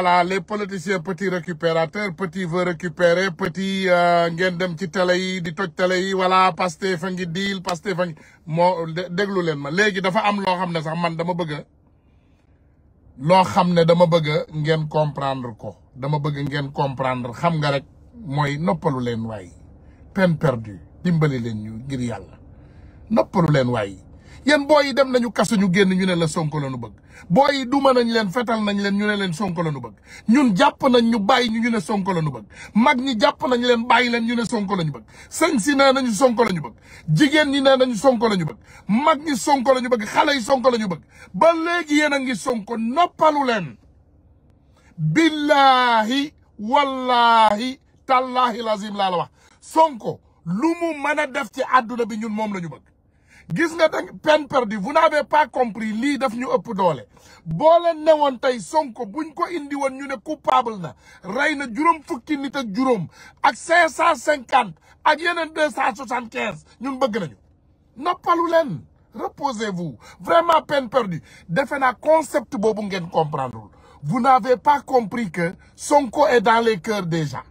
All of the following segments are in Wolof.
voilà les politiciens petits récupérateurs petit veut récupérer petit euh, ngeen dem ci télé yi di toj télé yi voilà Pastef a ngi diil Pastef a ngi moo déglu leen ma léegi dafa am loo xam ne sax man dama bëgg loo xam ne dama bëgg ngeen comprendre ko dama bëgg ngeen comprendre xam nga rek mooy noppalu leen waay peine perdue dimbali leen ñu ngir yàlla noppalu leen waay yéen booy yi dem nañu kasu ñu génn ñu ne la sonko la ñu bëgg booy yi duma nañ leen fetal nañ leen ñu ne leen sonko la ñu bëgg ñun jàpp nañ ñu bàyyi ñu ñu ne sonko la ñu bëgg mag ñi jàpp nañ leen bàyyi leen ñu ne sonko la ñu bëgg sëñ si nee nañu sonko la ñu bëgg jigéen ñi nee nañu sonko la ñu bëgg mag ñi sonko la ñu bëgg xale yi sonko la ñu bëgg ba léegi yéen a ngi sonko noppalu leen billaahi wallaahi tallaahi lazim laa la wax sonko lu mu mën a def ci àdduna bi ñun moom la ñu bëgg gis nga da peine perdue vous n'avez pas compris lii def ñu ëpp doole boole leen newoon tey Sonko buñ ko indi ñu ne coupable na rey na juróom fukki nit ak juróom ak cinq cent cinquante ak yeneen deux cent soixante quinze ñun bëgg nañu noppalu leen reposez-vous vraiment peine perdue defe naa concept boobu ngeen comprendrewul vous n'avez pas compris que Sonko et dans les cœurs des gens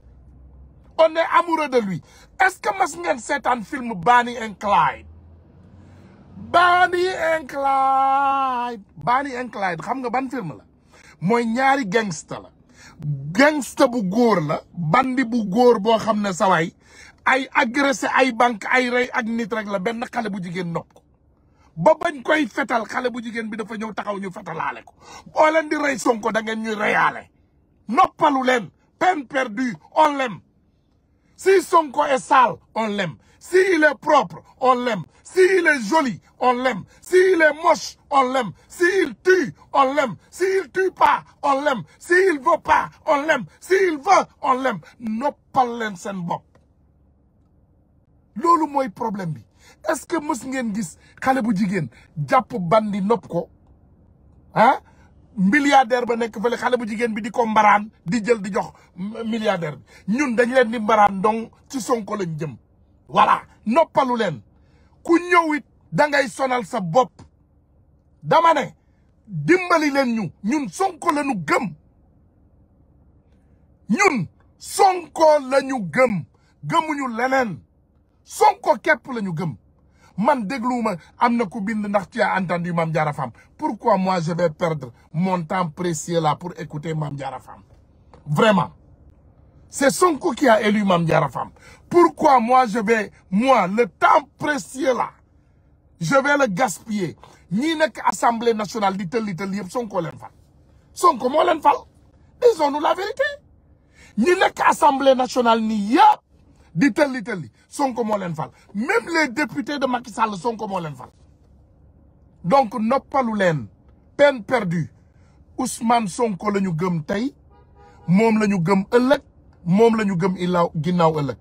on est amoureux de lui est-ce que mas ngeen seetaan film Bonnie and Clyde Bonnie and Clyde Bonnie and Clyde xam nga ban film la mooy ñaari gangster la gangster bu góor la bandi bu góor boo xam ne sawaay ay agressé ay banque ay rey ak nit la benn xale bu jigéen nopp ko ba bañ koy fetal xale bu jigéen bi dafa ñëw taxaw ñu fetalaale ko boo leen di rey Sonko da ngeen ñuy reyaale noppalu leen peine perdue on Si Sonko est sale, on lem S'il le propre, on l'aime. S'il est joli, on l'aime. S'il est moche, on l'aime. S'il tue, on l'aime. S'il tue pas, on l'aime. S'il veut pas, on l'aime. S'il veut, on l'aime. noppal leen seen bopp loolu mooy problème bi est-ce que mës ngeen gis xale bu jigéen jàpp bandi nopp ko ah milliardaire ba nekk fële xale bu jigéen bi di ko mbaraan di jël di jox milliardaire ñun dañ leen di mbaraan donc ci Sonko lañ jëm voilà noppalu leen ku ñëw it da sonal sa bopp damane ne dimbali leen ñu ñun Sonko la ñu gëm ñun Sonko la ñu gëm gëmuñu leneen Sonko képp la ñu gëm man dégluwuma am na ku bind ndax tu as entendu Mame Diarra Fam pourquoi moi je vais perdre mon temps précieux là pour écouter Mame Diarra Fam vraiment c'est Sonko qui a élu Mame Diarra Fam pourquoi moi je vais moi le temps précieux là je vais le gaspiller ñii nekk assemblée nationale di tël di tël yëpp Sonko leen fal Sonko moo leen fal la vérité ñi nekk assemblée nationale ni yëpp di tëlli tëlli Sonko moo leen fal même les députés de Macky Sall Sonko moo leen fal donc noppalu leen peine perdue Ousmane Sonko lañu ñu gëm tey moom la ñu gëm ëllëg moom la ñu gëm illaaw ginnaaw ëllëg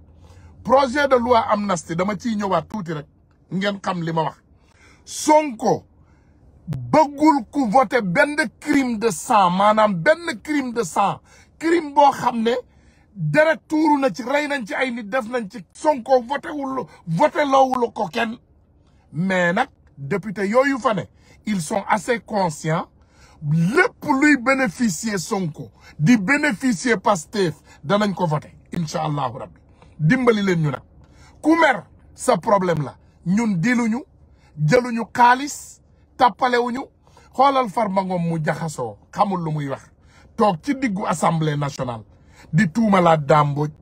projet de loi amnistie dama ciy ñëwaat tuuti rek ngeen xam li ma wax Sonko bëggul ku voté benn crime de sang maanaam benn crime de sang crime boo xam ne deret tuuru na ci rey nañ ci ay nit def nañ ci Sonko voté wul voté loowul ko kenn mais nag député yooyu fa ne ils sont assez conscients lépp luy bénéficier Sonko di bénéficier Pastef danañ ko voté incha allahu rabbi dimbali leen ñu nag ku mer sa problème la ñun diluñu kaalis xaalis tappalewuñu xoolal Farba Ngom mu jaxasoo xamul lu muy wax toog ci diggu assemblée nationale di tuumalaat Dame Mbodj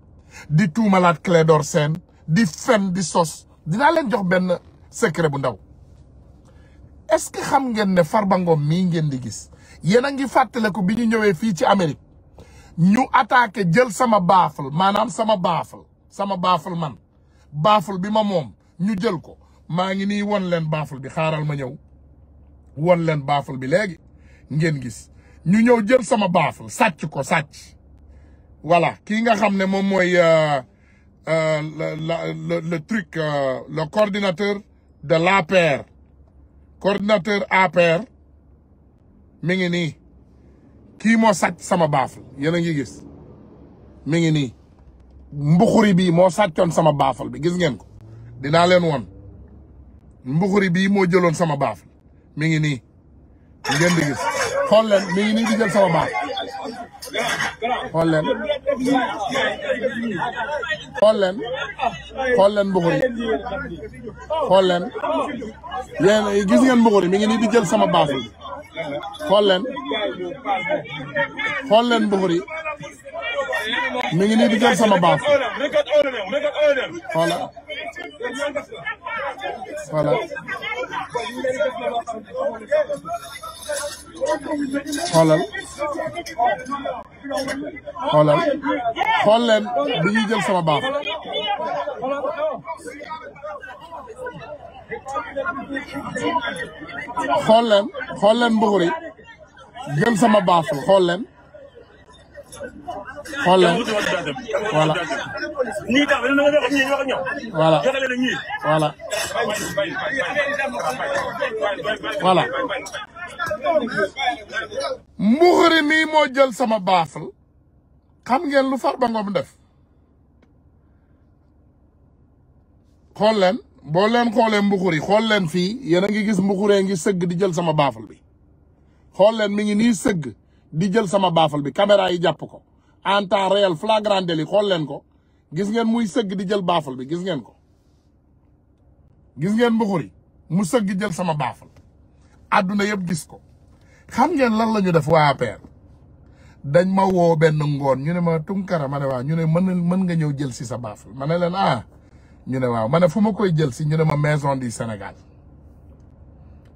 di tuumalaat Clédor Sène di fen di sos dinaa leen jox benn secret bu ndaw est-ce que xam ngeen ne far ba ngoom mii ngeen di gis yéen a ngi ko bi ñu ñëwee fii ci Amérique ñu attaqué jël sama baafal maanaam sama baafal sama baafal man baafal bi ma moom ñu jël ko maa ngi nii won leen baafal bi xaaral ma ñëw won leen baafal bi léegi ngeen gis ñu ñëw jël sama baafal sàcc ko sàcc voilà kii nga xam ne moom mooy euh, euh, le le truc euh, le coordinateur de l'APR coordinateur APR mi ngi ni kii moo sàcc sama baaful yéen a ngi gis mi ngi nii mbuxuri bii moo sàccoon sama baafal bi gis ngeen ko dinaa leen woon mbuxuri bii moo jëloon sama baafal mi ngi nii ngeen di gis xool leen mi ngi nii di jël sama baafal xool leen xool leen xool leen Mbuxuri xool gis ngeen Mbuxuri mi ngi nii di jël sama baas bi xool leen xool leen ngi nii di jël sama baas xoola voilà xoolal xool leen bi ñuy jël sama baax xool leen xool leen mbuxuri jël sama baax xool leen xool leen voilà voilà mbuxuri mii moo jël sama baafal xam ngeen lu Farba Ngom def xool leen boo leen xoolee mbuxuri xool leen fii yéen ngi gis mbuxuree ngi sëgg di jël sama baafal bi xool leen mi ngi nii sëgg di jël sama baafal bi caméra yi jàpp ko en temps réel flagrant délit xool leen ko gis ngeen muy sëgg di jël baafal bi gis ngeen ko gis ngeen mbuxuri mu sëgg jël sama baafal àdduna yëpp gis ko xam ngeen lan la ñu def waa APR dañ ma woo benn ngoon ñu ne ma Tunkara ma ne waaw ñu ne mën mën nga ñëw jël si sa baaful ma ne leen ah ñu ne waaw ma ne fu ma koy jël si ñu ne ma maison du Sénégal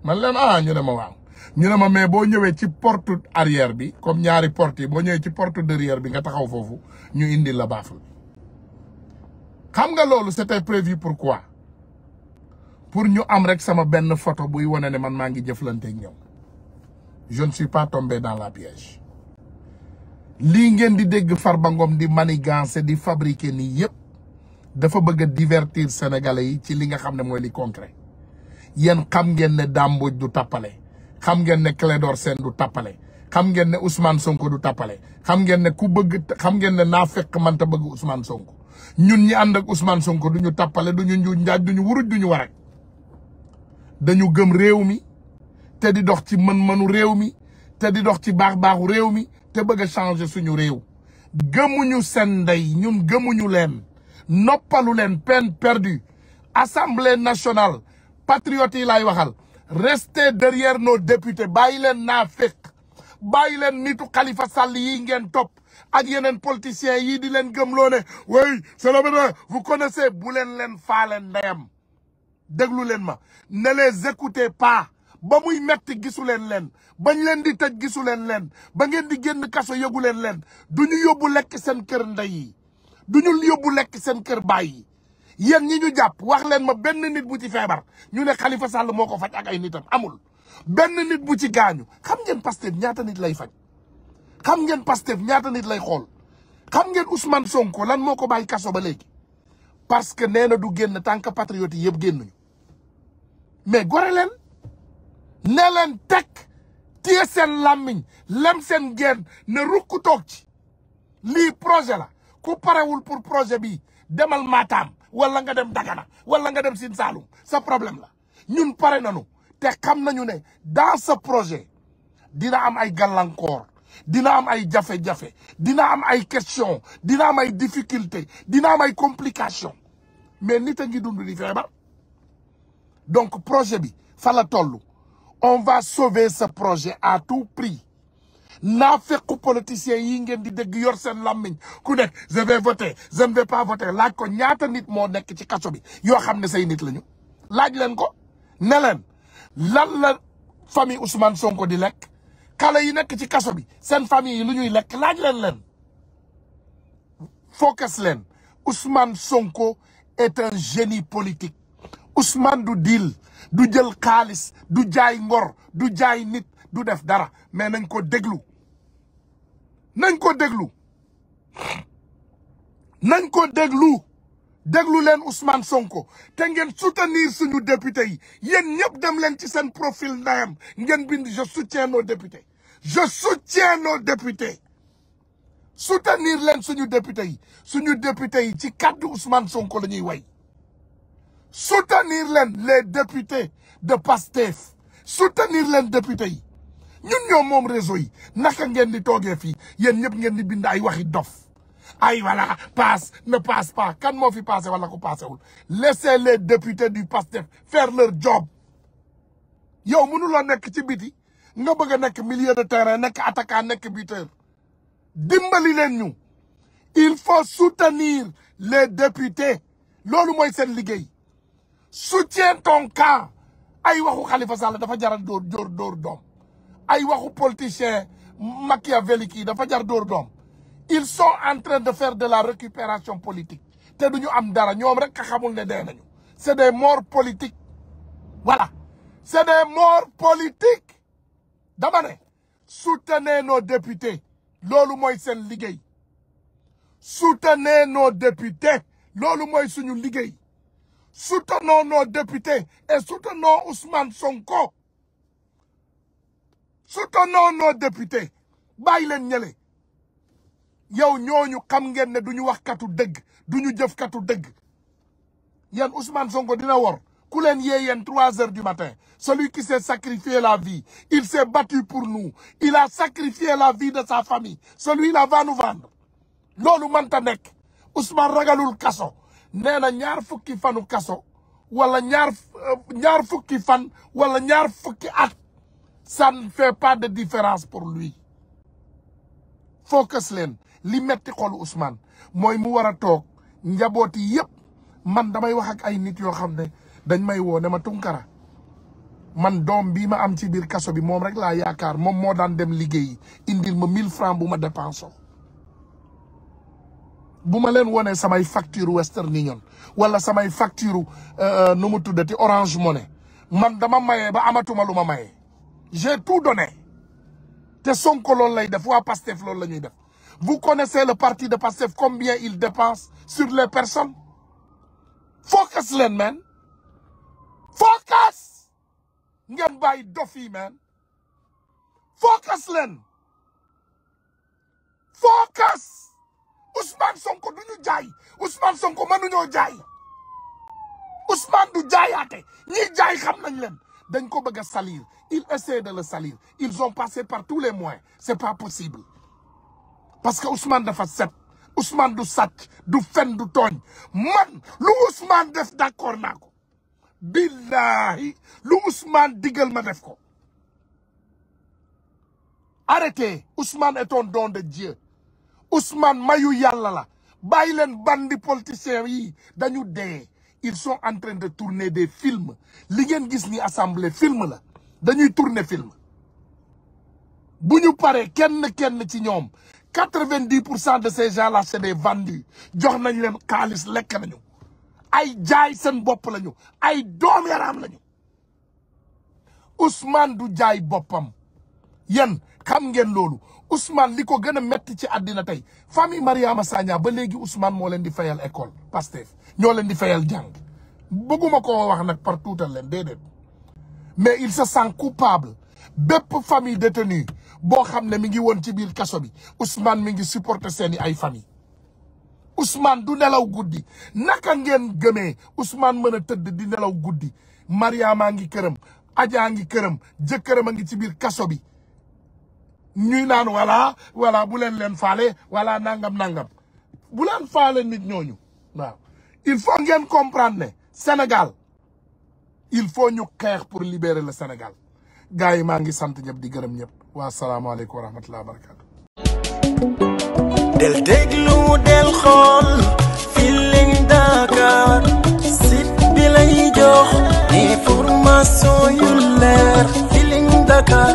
man leen ah ñu ne ma waaw ñu ne ma mais boo ñëwee ci porte arrière bi comme ñaari porte boo ñëwee ci porte derrière bi nga taxaw foofu ñu indi la baaful xam nga loolu c'était prévu pourquoi pour ñu am rek sama benn photo buy wane ne man maa ngi jëflante ak ñoom je ne suis pas tombé dans la piège lii ngeen di dégg Farba Ngom di manigancé di fabriqué nii yëpp dafa bëgg a divertir sénégalais yi ci li nga xam ne mooy li concret yen xam ngeen ne Dame Mbodj du tappale xam ngeen ne Clédor Sène du tappale xam ngeen ne Ousmane Sonko du tappale xam ngeen ne ku bëgg xam ngeen ne naa fekk man bëgg Ousmane Sonko ñun ñi ànd ak Ousmane Sonko du ñu tappale duñu ñu njuuj njaaj du ñu wuruj du ñu warak dañu gëm réew mi te di dox ci mën-mënu réew mi te di dox ci baax-baaxu réew mi te bëgg a suñu réew gëmuñu seen ndey ñun gëmuñu leen noppalu leen peine perdue assemblée nationale patriotes yi lay waxal restez derrière nos députés bàyyi leen naa fekk bàyyi leen nitu xalifa Sall yi ngeen topp ak yeneen politiciens yii di leen gëmloo ne oui c'est la bonne vous connaissez bu leen leen faale ndeyam déglu leen ma ne les écoutez pas ba muy metti gisu leen leen bañ leen di tëj gisu leen leen ba ngeen di génn kaso yëgu leen leen du ñu yóbbu lekk seen kër ndey yi du ñu yóbbu lekk seen kër baay yi yéen ñi ñu jàpp wax leen ma benn nit bu ci feebar ñu ne xalifa sàll moo ko faj ak ay nitam amul benn nit bu ci gaañu xam ngeen Pastef ñaata nit lay faj xam ngeen Pastef ñaata nit lay xool xam ngeen Ousmane Sonko lan moo ko bàyyi kaso ba léegi parce que nee na du génn tant que patriote yëpp génnuñu mais gore leen ne tek teg seen làmmiñ lem seen geen ne rukk toog ci lii projet la ku parewul pour projet bi demal Matam wala nga dem Dagana wala nga dem Sine Saalum sa problème la ñun pare nañu te xam nañu ne dans ce projet dina am ay gàllankoor dina am ay jafe-jafe dina am ay question dina am ay difficulté dina am ay complication mais nit a ngi dund di feebar donc projet bi fa la toll on va sauver ce projet à tout prix na fekku politiciens yi ngeen di dégg yor seen làmmiñ ku nekk je vais voter je ne pas voter laaj ko ñaata nit moo nekk ci kaso bi yoo xam ne sey nit lañu laaj leen ko ne leen lan la famille Ousmane Sonko di lekk kala yi nekk ci kaso bi seen famille yi lu ñuy lekk laaj leen leen focus leen Ousmane Sonko est un génie politique Ousmane du deal du jël xaalis du jaay ngor du jaay nit du def dara mais nañ ko déglu nañ ko déglu nañ ko déglu déglu leen Ousmane Sonko te ngeen soutenir suñu député yi yéen ñëpp dem leen ci seen profil ndayam ngeen bind je soutiens nos députés je soutiens nos députés soutenir leen suñu député yi suñu député yi ci kàddu Ousmane Sonko la ñuy way soutenir leen les députés de Pastef soutenir leen députés yi ñun ñoom moom réseau yi naka ngeen di toogee fii yéen ñëpp ngeen di bind ay waxi dof ay voilà passe ne passe pas kan moo fi passé wala ko passé wul laissez les députés du Pastef faire leur job yow mënuloo nekk ci biti nga bëgg a nekk milieu de terrain nekk attaquant nekk buteur dimbali leen ñu il faut soutenir les députés loolu mooy seen liggéey soutiens ton camp ay waxu xalifa Sall dafa jar door dóor dóor dóor doom ay waxu politicien machiavélique kii dafa jar door doom ils son en de faire de la récupération politique te du ñu am dara ñoom rek ka xamul ne dee nañu c'est des morts politique voilà c'est des morts politiques dama ne soutenez nos députés loolu mooy seen liggéey soutenez nos députés loolu mooy suñu liggéey Soutenons nos députés et soutenons Ousmane Sonko. Soutenons nos députés. bàyyi leen ñële yow ñooñu xam ngeen ne du ñu wax katu dëgg du ñu jëf katu dëgg yéen Ousmane Sonko dina wor ku leen yee yéen trois heures du matin celui qui s'est sacrifié la vie il s'est battu pour nous il a sacrifié la vie de sa famille celui la va nous vendre loolu mënta nekk Ousmane ragalul kaso nee na ñaar fukki fanu kaso walla ñaar fukki fan wala ñaar fukki at ça ne fait pas de différence pour lui focus leen li metti xolu Ousmane mooy mu war a toog njabooti yëpp man damay wax ak ay nit yoo xam ne dañ may woo ne ma tunkara man doom bii ma am ci biir kaso bi moom rek laa yaakaar moom moo daan dem liggéeyi indil ma mille francs bu ma dépensé bu ma leen wonee samay facture Western Union wala samay facture euh, nu mu tuddati Orange Money man dama mayee ba amatuma lu ma mayee j'ai tout donné te Sonko loolu lay def waa Pastef lool la ñuy def vous connaissez le parti de Pastef combien il dépense sur les personnes focus leen man focus ngeen bàyyi dof yi focus leen Ousmane Sonko du ñu jaay Ousmane Sonko mënuñoo jaay Ousmane du jaayaate ñiy jaay xam nañ leen dañ ko bëgg a salir ils essaient de le salir ils ont passé par tous les moyens c'est pas possible parce que Ousmane dafa set Ousmane du sàcc du fen du tooñ man lu Ousmane def d'accord naa ko billahi lu Ousmane digal ma def ko arrêtez est un don de Dieu Ousmane mayu yàlla la bàyyi leen bandi politiciens yi dañu dee ils sont en de tourner des films li ngeen gis ni assemblée film la dañuy tourner film bu ñu paree kenn kenn ci ñoom quatre-vingt-dix pour cent de ces gens là c'est des vendus jox nañu leen xaalis lekk nañu ay jaay seen bopp lañu ay doom yaram lañu Ousmane du jaay boppam yéen xam ngeen loolu Ousmane li ko gën a métti ci àddina tey famille Mariama Sagna ba léegi Ousmane moo leen di fayal école Pastef ñoo leen di fayal jàng bëgguma ko wax nag par tuutal leen déedéet mais il se sent coupable bépp famille détenue boo xam ne mi ngi woon ci biir kaso bi Ousmane mi ngi supporter seeni ay famille Ousmane du nelaw guddi naka ngeen gëmee Ousmane mën a tëdd di nelaw guddi Mariama ngi këram Adja ngi këram jëkkëram a ngi ci biir kaso bi ñuy naan voilà voilà bu leen leen faale voilà nangam nangam bu leen faale nit ñooñu waaw il faut ngeen comprendre ne Sénégal il faut ñu xeex pour libérer la Sénégal gars yi maa ngi sant ñëpp di gërëm ñëpp waa salaamaaleykum wa rahmatullahi wa del déglu del xool Feeling Dakar site bi lay jox yu leer Feeling Dakar